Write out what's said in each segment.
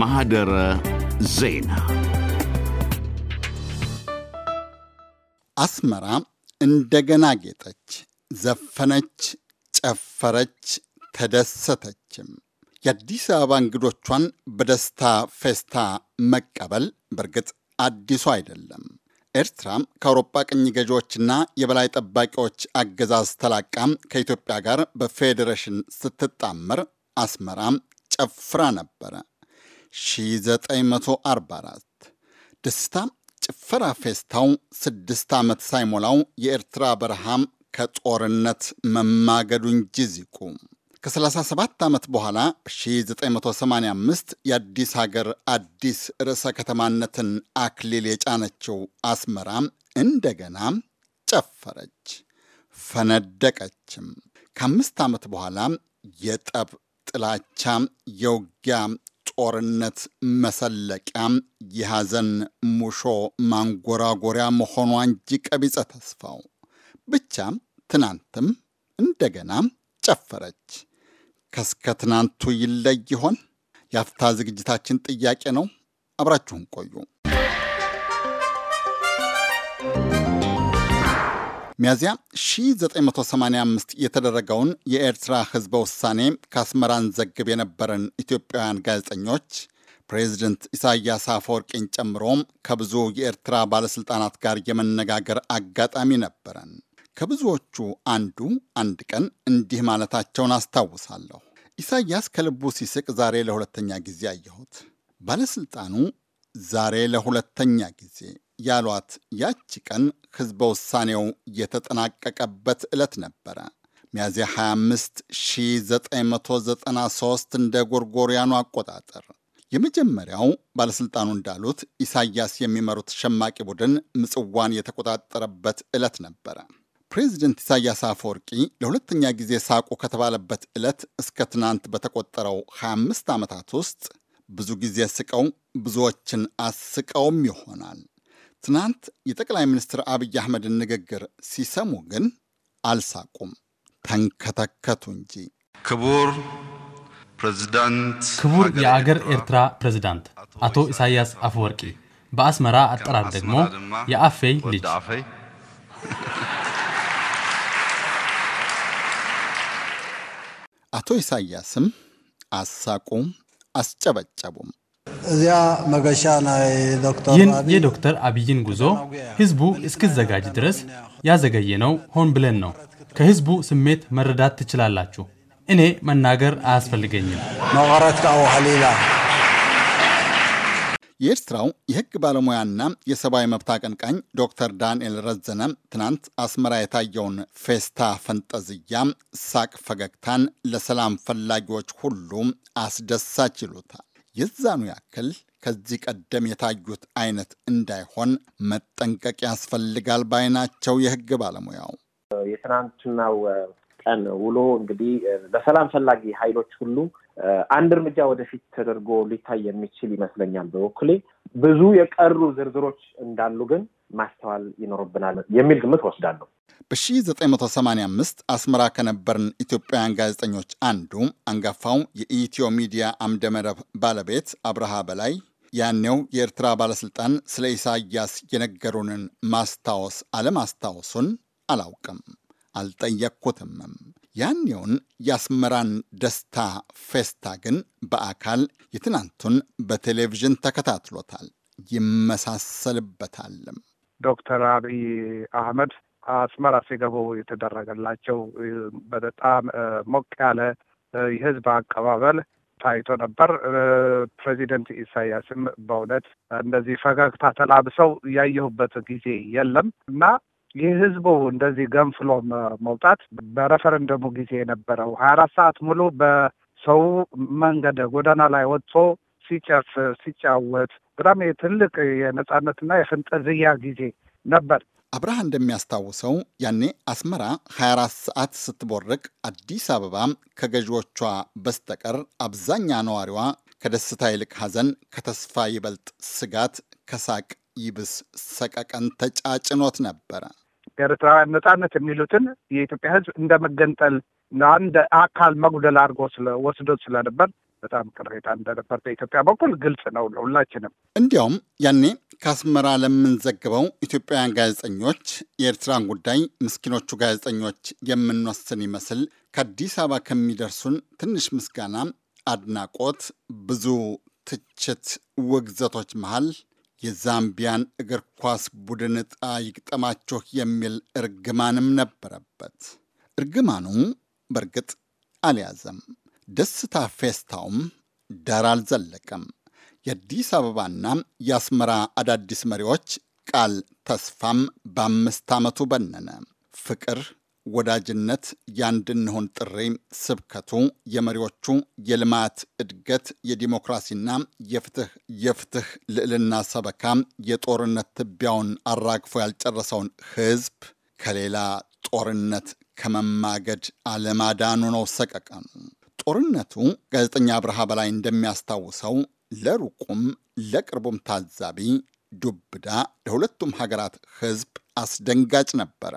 ማህደረ ዜና አስመራ እንደገና ጌጠች፣ ዘፈነች፣ ጨፈረች፣ ተደሰተችም። የአዲስ አበባ እንግዶቿን በደስታ ፌስታ መቀበል በእርግጥ አዲሱ አይደለም። ኤርትራም ከአውሮፓ ቅኝ ገዢዎችና የበላይ ጠባቂዎች አገዛዝ ተላቃም ከኢትዮጵያ ጋር በፌዴሬሽን ስትጣመር አስመራም ጨፍራ ነበረ። 1944 ደስታ ጭፈራ ፌስታው ስድስት ዓመት ሳይሞላው የኤርትራ በረሃም ከጦርነት መማገዱ እንጂ ዚቁ ከ37 ዓመት በኋላ 1985 የአዲስ ሀገር አዲስ ርዕሰ ከተማነትን አክሊል የጫነችው አስመራ እንደገና ጨፈረች፣ ፈነደቀችም። ከአምስት ዓመት በኋላ የጠብ ጥላቻ፣ የውጊያ ጦርነት መሰለቂያ፣ የሐዘን ሙሾ ማንጎራጎሪያ መሆኗ እንጂ ቀቢጸ ተስፋው ብቻ ትናንትም እንደገና ጨፈረች። ከስከትናንቱ ይለይ ይሆን? የአፍታ ዝግጅታችን ጥያቄ ነው። አብራችሁን ቆዩ። ሚያዚያ 1985 የተደረገውን የኤርትራ ህዝበ ውሳኔ ከአስመራን ዘግብ የነበረን ኢትዮጵያውያን ጋዜጠኞች ፕሬዚደንት ኢሳያስ አፈወርቂን ጨምሮም ከብዙ የኤርትራ ባለሥልጣናት ጋር የመነጋገር አጋጣሚ ነበረን። ከብዙዎቹ አንዱ አንድ ቀን እንዲህ ማለታቸውን አስታውሳለሁ። ኢሳያስ ከልቡ ሲስቅ ዛሬ ለሁለተኛ ጊዜ አየሁት። ባለሥልጣኑ ዛሬ ለሁለተኛ ጊዜ ያሏት ያቺ ቀን ሕዝበ ውሳኔው የተጠናቀቀበት ዕለት ነበረ። ሚያዝያ 25 1993 እንደ ጎርጎሪያኑ አቆጣጠር። የመጀመሪያው ባለሥልጣኑ እንዳሉት ኢሳያስ የሚመሩት ሸማቂ ቡድን ምጽዋን የተቆጣጠረበት ዕለት ነበረ። ፕሬዚደንት ኢሳያስ አፈወርቂ ለሁለተኛ ጊዜ ሳቁ ከተባለበት ዕለት እስከ ትናንት በተቆጠረው 25 ዓመታት ውስጥ ብዙ ጊዜ ስቀው ብዙዎችን አስቀውም ይሆናል። ትናንት የጠቅላይ ሚኒስትር አብይ አህመድን ንግግር ሲሰሙ ግን አልሳቁም፣ ተንከተከቱ እንጂ። ክቡር ፕሬዚዳንት ክቡር የአገር ኤርትራ ፕሬዚዳንት አቶ ኢሳያስ አፈወርቂ በአስመራ አጠራር ደግሞ የአፌይ ልጅ አቶ ኢሳያስም አሳቁም አስጨበጨቡም። እዚያ መገሻ ናይ ዶክተር ይህን የዶክተር አብይን ጉዞ ህዝቡ እስክዘጋጅ ድረስ ያዘገየ ነው ሆን ብለን ነው። ከህዝቡ ስሜት መረዳት ትችላላችሁ። እኔ መናገር አያስፈልገኝም። መቀረት ከአወ የኤርትራው የህግ ባለሙያና የሰብአዊ መብት አቀንቃኝ ዶክተር ዳንኤል ረዘነ ትናንት አስመራ የታየውን ፌስታ ፈንጠዝያ፣ ሳቅ፣ ፈገግታን ለሰላም ፈላጊዎች ሁሉ አስደሳች ይሉታል። የዛኑ ያክል ከዚህ ቀደም የታዩት አይነት እንዳይሆን መጠንቀቅ ያስፈልጋል ባይ ናቸው የህግ ባለሙያው። የትናንትናው ቀን ውሎ እንግዲህ ለሰላም ፈላጊ ኃይሎች ሁሉ አንድ እርምጃ ወደፊት ተደርጎ ሊታይ የሚችል ይመስለኛል። በበኩሌ ብዙ የቀሩ ዝርዝሮች እንዳሉ ግን ማስተዋል ይኖርብናል የሚል ግምት ወስዳለሁ። በ1985 አስመራ ከነበርን ኢትዮጵያውያን ጋዜጠኞች አንዱ አንጋፋው የኢትዮ ሚዲያ አምደመረብ ባለቤት አብርሃ በላይ ያኔው የኤርትራ ባለስልጣን ስለ ኢሳያስ የነገሩንን ማስታወስ አለማስታወሱን አላውቅም፣ አልጠየቅኩትምም ያኔውን የአስመራን ደስታ ፌስታ ግን በአካል የትናንቱን በቴሌቪዥን ተከታትሎታል፣ ይመሳሰልበታልም። ዶክተር አብይ አህመድ አስመራ ሲገቡ የተደረገላቸው በጣም ሞቅ ያለ የህዝብ አቀባበል ታይቶ ነበር። ፕሬዚደንት ኢሳያስም በእውነት እንደዚህ ፈገግታ ተላብሰው ያየሁበት ጊዜ የለም እና የህዝቡ እንደዚህ ገንፍሎ መውጣት በረፈረንደሙ ጊዜ የነበረው ሀያ አራት ሰዓት ሙሉ በሰው መንገድ ጎዳና ላይ ወጥቶ ሲጨፍ ሲጫወት በጣም ትልቅ የነጻነትና የፍንጠዝያ ጊዜ ነበር። አብርሃ እንደሚያስታውሰው ያኔ አስመራ 24 ሰዓት ስትቦርቅ፣ አዲስ አበባ ከገዢዎቿ በስተቀር አብዛኛ ነዋሪዋ ከደስታ ይልቅ ሐዘን፣ ከተስፋ ይበልጥ ስጋት፣ ከሳቅ ይብስ ሰቀቀን ተጫጭኖት ነበረ። ኤርትራውያን ነጻነት የሚሉትን የኢትዮጵያ ህዝብ እንደ መገንጠል አንድ አካል መጉደል አድርጎ ወስዶ ስለነበር በጣም ቅሬታ እንደነበር በኢትዮጵያ በኩል ግልጽ ነው ለሁላችንም። እንዲያውም ያኔ ከአስመራ ለምንዘግበው ኢትዮጵያውያን ጋዜጠኞች የኤርትራን ጉዳይ ምስኪኖቹ ጋዜጠኞች የምንወስን ይመስል ከአዲስ አበባ ከሚደርሱን ትንሽ ምስጋና፣ አድናቆት፣ ብዙ ትችት፣ ውግዘቶች መሃል የዛምቢያን እግር ኳስ ቡድን ጣ ይግጠማችሁ የሚል እርግማንም ነበረበት። እርግማኑ በእርግጥ አልያዘም። ደስታ ፌስታውም ዳር አልዘለቀም። የአዲስ አበባና የአስመራ አዳዲስ መሪዎች ቃል ተስፋም በአምስት ዓመቱ በነነ። ፍቅር ወዳጅነት፣ ያንድ ጥሪ፣ ስብከቱ የመሪዎቹ የልማት እድገት፣ የዲሞክራሲና የፍትህ የፍትህ ልዕልና ሰበካ የጦርነት ትቢያውን አራግፎ ያልጨረሰውን ህዝብ ከሌላ ጦርነት ከመማገድ አለማዳኑ ነው ሰቀቀኑ። ጦርነቱ ጋዜጠኛ አብርሃ በላይ እንደሚያስታውሰው ለሩቁም ለቅርቡም ታዛቢ ዱብዳ ለሁለቱም ሀገራት ህዝብ አስደንጋጭ ነበረ።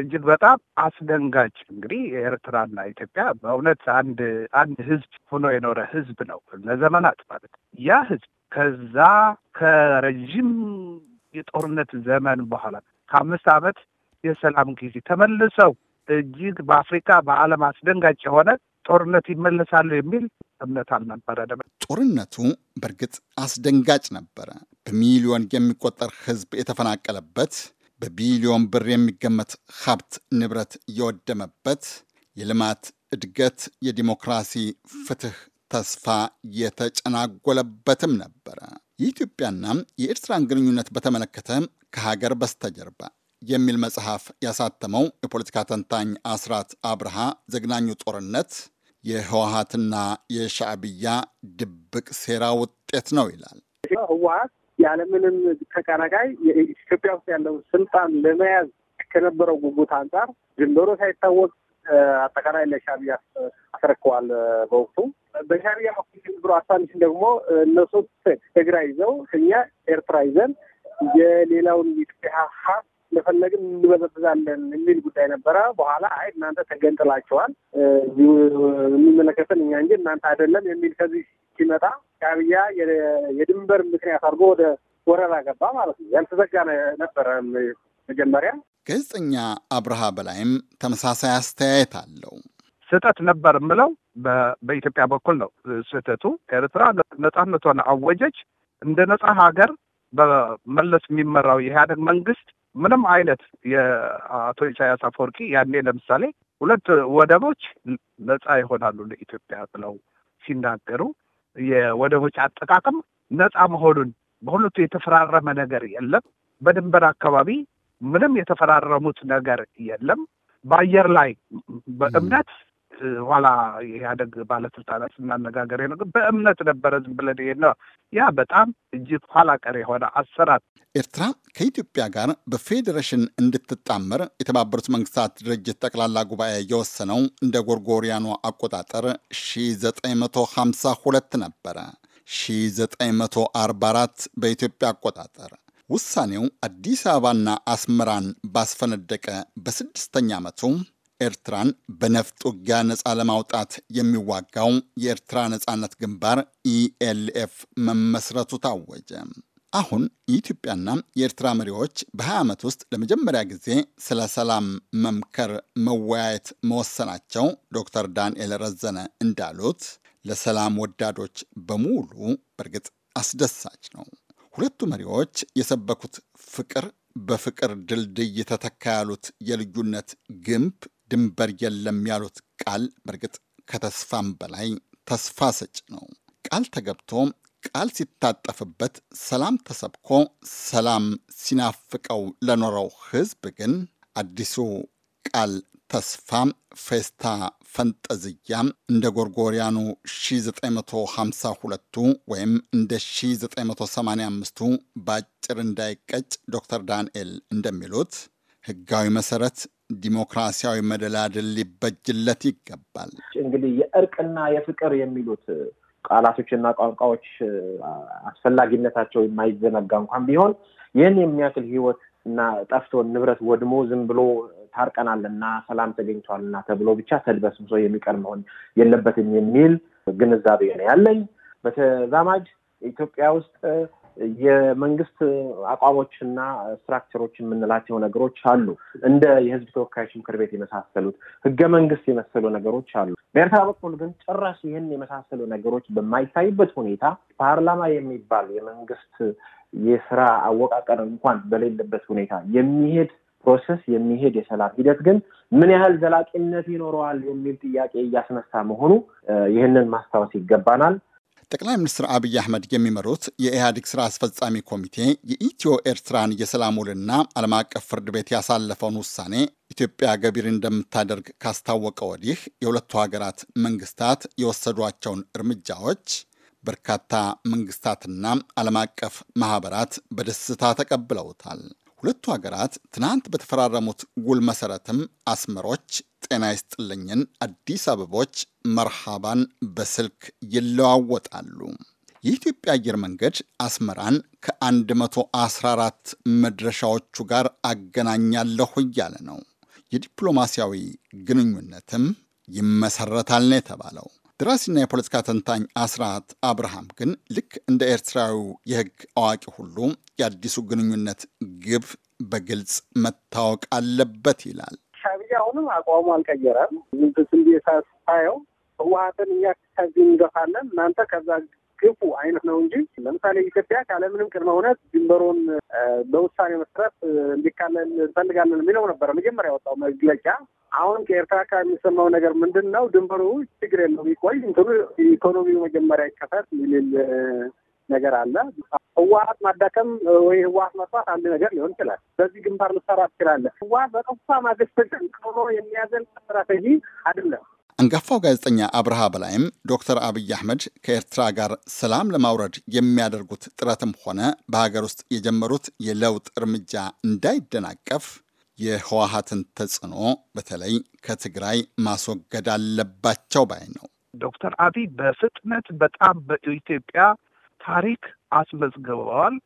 እጅግ በጣም አስደንጋጭ እንግዲህ ኤርትራና ኢትዮጵያ በእውነት አንድ አንድ ህዝብ ሆኖ የኖረ ህዝብ ነው ለዘመናት ማለት ያ ህዝብ ከዛ ከረዥም የጦርነት ዘመን በኋላ ከአምስት ዓመት የሰላም ጊዜ ተመልሰው እጅግ በአፍሪካ በዓለም አስደንጋጭ የሆነ ጦርነት ይመለሳሉ የሚል እምነት አልነበረ። ጦርነቱ በእርግጥ አስደንጋጭ ነበረ። በሚሊዮን የሚቆጠር ህዝብ የተፈናቀለበት በቢሊዮን ብር የሚገመት ሀብት ንብረት የወደመበት የልማት እድገት፣ የዲሞክራሲ ፍትህ ተስፋ የተጨናጎለበትም ነበረ። የኢትዮጵያና የኤርትራን ግንኙነት በተመለከተ ከሀገር በስተጀርባ የሚል መጽሐፍ ያሳተመው የፖለቲካ ተንታኝ አስራት አብርሃ ዘግናኙ ጦርነት የህወሀትና የሻዕብያ ድብቅ ሴራ ውጤት ነው ይላል። ህወሀት ያለምንም ተቀናቃይ ኢትዮጵያ ውስጥ ያለውን ስልጣን ለመያዝ ከነበረው ጉጉት አንጻር ድንበሩ ሳይታወቅ አጠቃላይ ለሻቢያ አስረክቧል። በወቅቱ በሻቢያ በኩል ብሎ አሳንሽን ደግሞ እነሱ ትግራይ ይዘው እኛ ኤርትራ ይዘን የሌላውን ኢትዮጵያ ሀብ እንደፈለግን እንበዘብዛለን የሚል ጉዳይ ነበረ። በኋላ አይ እናንተ ተገንጥላቸዋል የሚመለከተን እኛ እንጂ እናንተ አይደለም የሚል ከዚህ ሲመጣ ሻዕቢያ የድንበር ምክንያት አድርጎ ወደ ወረራ ገባ ማለት ነው። ያልተዘጋ ነበረ መጀመሪያ። ጋዜጠኛ አብርሃ በላይም ተመሳሳይ አስተያየት አለው። ስህተት ነበር የምለው በኢትዮጵያ በኩል ነው። ስህተቱ ኤርትራ ነጻነቷን አወጀች። እንደ ነጻ ሀገር በመለስ የሚመራው የኢህአደግ መንግስት ምንም አይነት የአቶ ኢሳያስ አፈወርቂ ያኔ ለምሳሌ ሁለት ወደቦች ነጻ ይሆናሉ ለኢትዮጵያ ብለው ሲናገሩ የወደቦች አጠቃቀም ነፃ መሆኑን በሁለቱ የተፈራረመ ነገር የለም። በድንበር አካባቢ ምንም የተፈራረሙት ነገር የለም። በአየር ላይ በእምነት ኋላ የኢህአደግ ባለስልጣናት ስናነጋገር ነው በእምነት ነበረ ዝም ብለን ይሄ ያ በጣም እጅግ ኋላ ቀር የሆነ አሰራር። ኤርትራ ከኢትዮጵያ ጋር በፌዴሬሽን እንድትጣመር የተባበሩት መንግስታት ድርጅት ጠቅላላ ጉባኤ የወሰነው እንደ ጎርጎሪያኑ አቆጣጠር 1952 ነበረ። 1944 በኢትዮጵያ አቆጣጠር ውሳኔው አዲስ አበባና አስመራን ባስፈነደቀ በስድስተኛ ዓመቱ ኤርትራን በነፍጥ ውጊያ ነፃ ለማውጣት የሚዋጋው የኤርትራ ነፃነት ግንባር ኢኤልኤፍ e መመስረቱ ታወጀ። አሁን የኢትዮጵያና የኤርትራ መሪዎች በ20 ዓመት ውስጥ ለመጀመሪያ ጊዜ ስለ ሰላም መምከር፣ መወያየት መወሰናቸው ዶክተር ዳንኤል ረዘነ እንዳሉት ለሰላም ወዳዶች በሙሉ በእርግጥ አስደሳች ነው። ሁለቱ መሪዎች የሰበኩት ፍቅር በፍቅር ድልድይ የተተካ ያሉት የልዩነት ግንብ ድንበር የለም ያሉት ቃል በእርግጥ ከተስፋም በላይ ተስፋ ሰጭ ነው። ቃል ተገብቶ ቃል ሲታጠፍበት ሰላም ተሰብኮ ሰላም ሲናፍቀው ለኖረው ሕዝብ ግን አዲሱ ቃል ተስፋ፣ ፌስታ፣ ፈንጠዝያ እንደ ጎርጎሪያኑ 1952ቱ ወይም እንደ 1985ቱ በአጭር እንዳይቀጭ ዶክተር ዳንኤል እንደሚሉት ህጋዊ መሰረት ዲሞክራሲያዊ መደላድል ሊበጅለት ይገባል። እንግዲህ የእርቅና የፍቅር የሚሉት ቃላቶችና ቋንቋዎች አስፈላጊነታቸው የማይዘነጋ እንኳን ቢሆን ይህን የሚያክል ህይወት እና ጠፍቶ ንብረት ወድሞ ዝም ብሎ ታርቀናልና ሰላም ተገኝቷልና ተብሎ ብቻ ተድበስብሶ የሚቀር መሆን የለበትም የሚል ግንዛቤ ነው ያለኝ። በተዛማጅ ኢትዮጵያ ውስጥ የመንግስት አቋሞችና ስትራክቸሮች የምንላቸው ነገሮች አሉ። እንደ የህዝብ ተወካዮች ምክር ቤት የመሳሰሉት ህገ መንግስት የመሰሉ ነገሮች አሉ። በኤርትራ በኩል ግን ጭራሽ ይህን የመሳሰሉ ነገሮች በማይታይበት ሁኔታ ፓርላማ የሚባል የመንግስት የስራ አወቃቀር እንኳን በሌለበት ሁኔታ የሚሄድ ፕሮሰስ የሚሄድ የሰላም ሂደት ግን ምን ያህል ዘላቂነት ይኖረዋል የሚል ጥያቄ እያስነሳ መሆኑ ይህንን ማስታወስ ይገባናል። ጠቅላይ ሚኒስትር አብይ አህመድ የሚመሩት የኢህአዴግ ስራ አስፈጻሚ ኮሚቴ የኢትዮ ኤርትራን የሰላም ውልና ዓለም አቀፍ ፍርድ ቤት ያሳለፈውን ውሳኔ ኢትዮጵያ ገቢር እንደምታደርግ ካስታወቀ ወዲህ የሁለቱ ሀገራት መንግስታት የወሰዷቸውን እርምጃዎች በርካታ መንግስታትና ዓለም አቀፍ ማህበራት በደስታ ተቀብለውታል። ሁለቱ ሀገራት ትናንት በተፈራረሙት ውል መሰረትም አስመሮች ጤና ይስጥልኝን፣ አዲስ አበቦች መርሃባን በስልክ ይለዋወጣሉ። የኢትዮጵያ አየር መንገድ አስመራን ከ114 መድረሻዎቹ ጋር አገናኛለሁ እያለ ነው። የዲፕሎማሲያዊ ግንኙነትም ይመሰረታል ነው የተባለው። ደራሲና የፖለቲካ ተንታኝ አስራት አብርሃም ግን ልክ እንደ ኤርትራዊ የህግ አዋቂ ሁሉ የአዲሱ ግንኙነት ግብ በግልጽ መታወቅ አለበት ይላል። ሻዕቢያ አሁንም አቋሙ አልቀየረም። ዝም ብዬ ሳየው ህወሀትን እኛ ከዚህ እንገፋለን እናንተ ከዛ ክፉ አይነት ነው እንጂ ለምሳሌ ኢትዮጵያ ካለምንም ቅድመ እውነት ድንበሩን በውሳኔ መሰረት እንዲካለል እንፈልጋለን የሚለው ነበረ መጀመሪያ ያወጣው መግለጫ። አሁን ከኤርትራ አካባቢ የሚሰማው ነገር ምንድን ነው? ድንበሩ ችግር የለው ይቆይ፣ እንትኑ ኢኮኖሚው መጀመሪያ ይከፈት የሚል ነገር አለ። ህወሀት ማዳከም ወይ ህወሀት ማጥፋት አንድ ነገር ሊሆን ይችላል። በዚህ ግንባር ልሰራ ትችላለህ። ህወሀት በጠፋ ማግስት ሆኖ የሚያዘል ስትራቴጂ አይደለም። አንጋፋው ጋዜጠኛ አብርሃ በላይም ዶክተር አብይ አህመድ ከኤርትራ ጋር ሰላም ለማውረድ የሚያደርጉት ጥረትም ሆነ በሀገር ውስጥ የጀመሩት የለውጥ እርምጃ እንዳይደናቀፍ የህወሀትን ተጽዕኖ በተለይ ከትግራይ ማስወገድ አለባቸው ባይ ነው። ዶክተር አብይ በፍጥነት በጣም በኢትዮጵያ ታሪክ አስመዝግበዋል።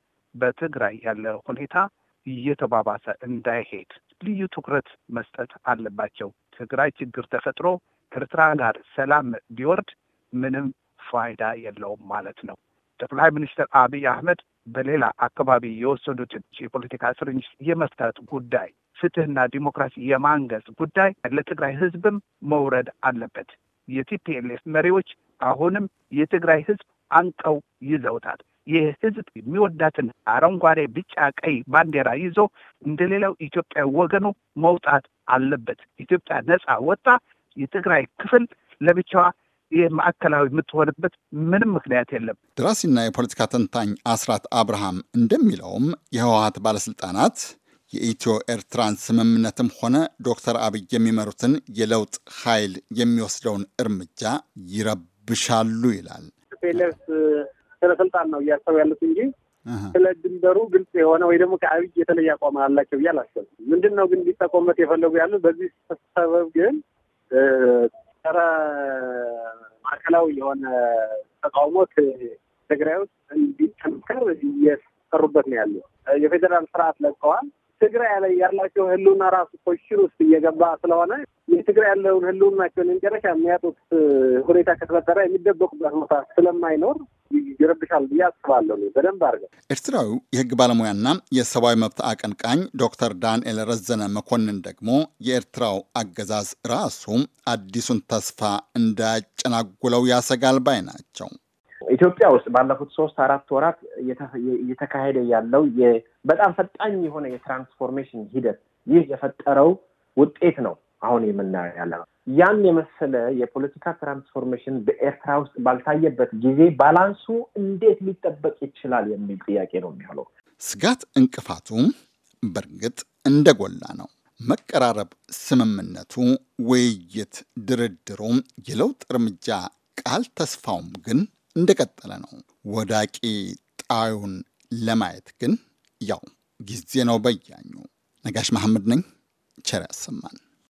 በትግራይ ያለ ሁኔታ እየተባባሰ እንዳይሄድ ልዩ ትኩረት መስጠት አለባቸው። ትግራይ ችግር ተፈጥሮ ከኤርትራ ጋር ሰላም ቢወርድ ምንም ፋይዳ የለውም ማለት ነው። ጠቅላይ ሚኒስትር አብይ አህመድ በሌላ አካባቢ የወሰዱትን የፖለቲካ እስረኞች የመፍታት ጉዳይ፣ ፍትህና ዲሞክራሲ የማንገስ ጉዳይ ለትግራይ ህዝብም መውረድ አለበት። የቲፒኤልኤፍ መሪዎች አሁንም የትግራይ ህዝብ አንቀው ይዘውታል። ይህ ህዝብ የሚወዳትን አረንጓዴ፣ ቢጫ፣ ቀይ ባንዲራ ይዞ እንደሌላው ኢትዮጵያ ወገኑ መውጣት አለበት። ኢትዮጵያ ነፃ ወጣ የትግራይ ክፍል ለብቻዋ የማዕከላዊ የምትሆንበት ምንም ምክንያት የለም። ደራሲና የፖለቲካ ተንታኝ አስራት አብርሃም እንደሚለውም የህወሀት ባለስልጣናት የኢትዮ ኤርትራን ስምምነትም ሆነ ዶክተር አብይ የሚመሩትን የለውጥ ኃይል የሚወስደውን እርምጃ ይረብሻሉ ይላል። ፌለስ ስለ ስልጣን ነው እያሰቡ ያሉት እንጂ ስለ ድንበሩ ግልጽ የሆነ ወይ ደግሞ ከአብይ የተለየ አቋም አላቸው ብዬ አላሰብም። ምንድን ነው ግን ሊጠቆመት የፈለጉ ያሉት በዚህ ሰበብ ግን ጸረ ማዕከላዊ የሆነ ተቃውሞት ትግራይ ውስጥ እንዲጠናከር እየሰሩበት ነው ያለው። የፌዴራል ስርዓት ለቀዋል። ትግራይ ላይ ያላቸው ህልውና ራሱ ኮሽን ውስጥ እየገባ ስለሆነ የትግራይ ያለውን ህልውናቸውን መጨረሻ የሚያጡት ሁኔታ ከተፈጠረ የሚደበቁበት ቦታ ስለማይኖር ይረብሻል ብዬ አስባለሁ። በደንብ አድርገው ኤርትራዊ የህግ ባለሙያና የሰብአዊ መብት አቀንቃኝ ዶክተር ዳንኤል ረዘነ መኮንን ደግሞ የኤርትራው አገዛዝ ራሱ አዲሱን ተስፋ እንዳያጨናጉለው ያሰጋል ባይ ናቸው። ኢትዮጵያ ውስጥ ባለፉት ሶስት አራት ወራት እየተካሄደ ያለው በጣም ፈጣኝ የሆነ የትራንስፎርሜሽን ሂደት ይህ የፈጠረው ውጤት ነው አሁን የምናየው ያለ ነው። ያን የመሰለ የፖለቲካ ትራንስፎርሜሽን በኤርትራ ውስጥ ባልታየበት ጊዜ ባላንሱ እንዴት ሊጠበቅ ይችላል የሚል ጥያቄ ነው የሚሆነው። ስጋት እንቅፋቱ በእርግጥ እንደጎላ ነው። መቀራረብ፣ ስምምነቱ፣ ውይይት፣ ድርድሩ፣ የለውጥ እርምጃ ቃል ተስፋውም ግን እንደቀጠለ ነው። ወዳቂ ጣዩን ለማየት ግን ያው ጊዜ ነው በያኙ። ነጋሽ መሐመድ ነኝ። ቸር ያሰማን።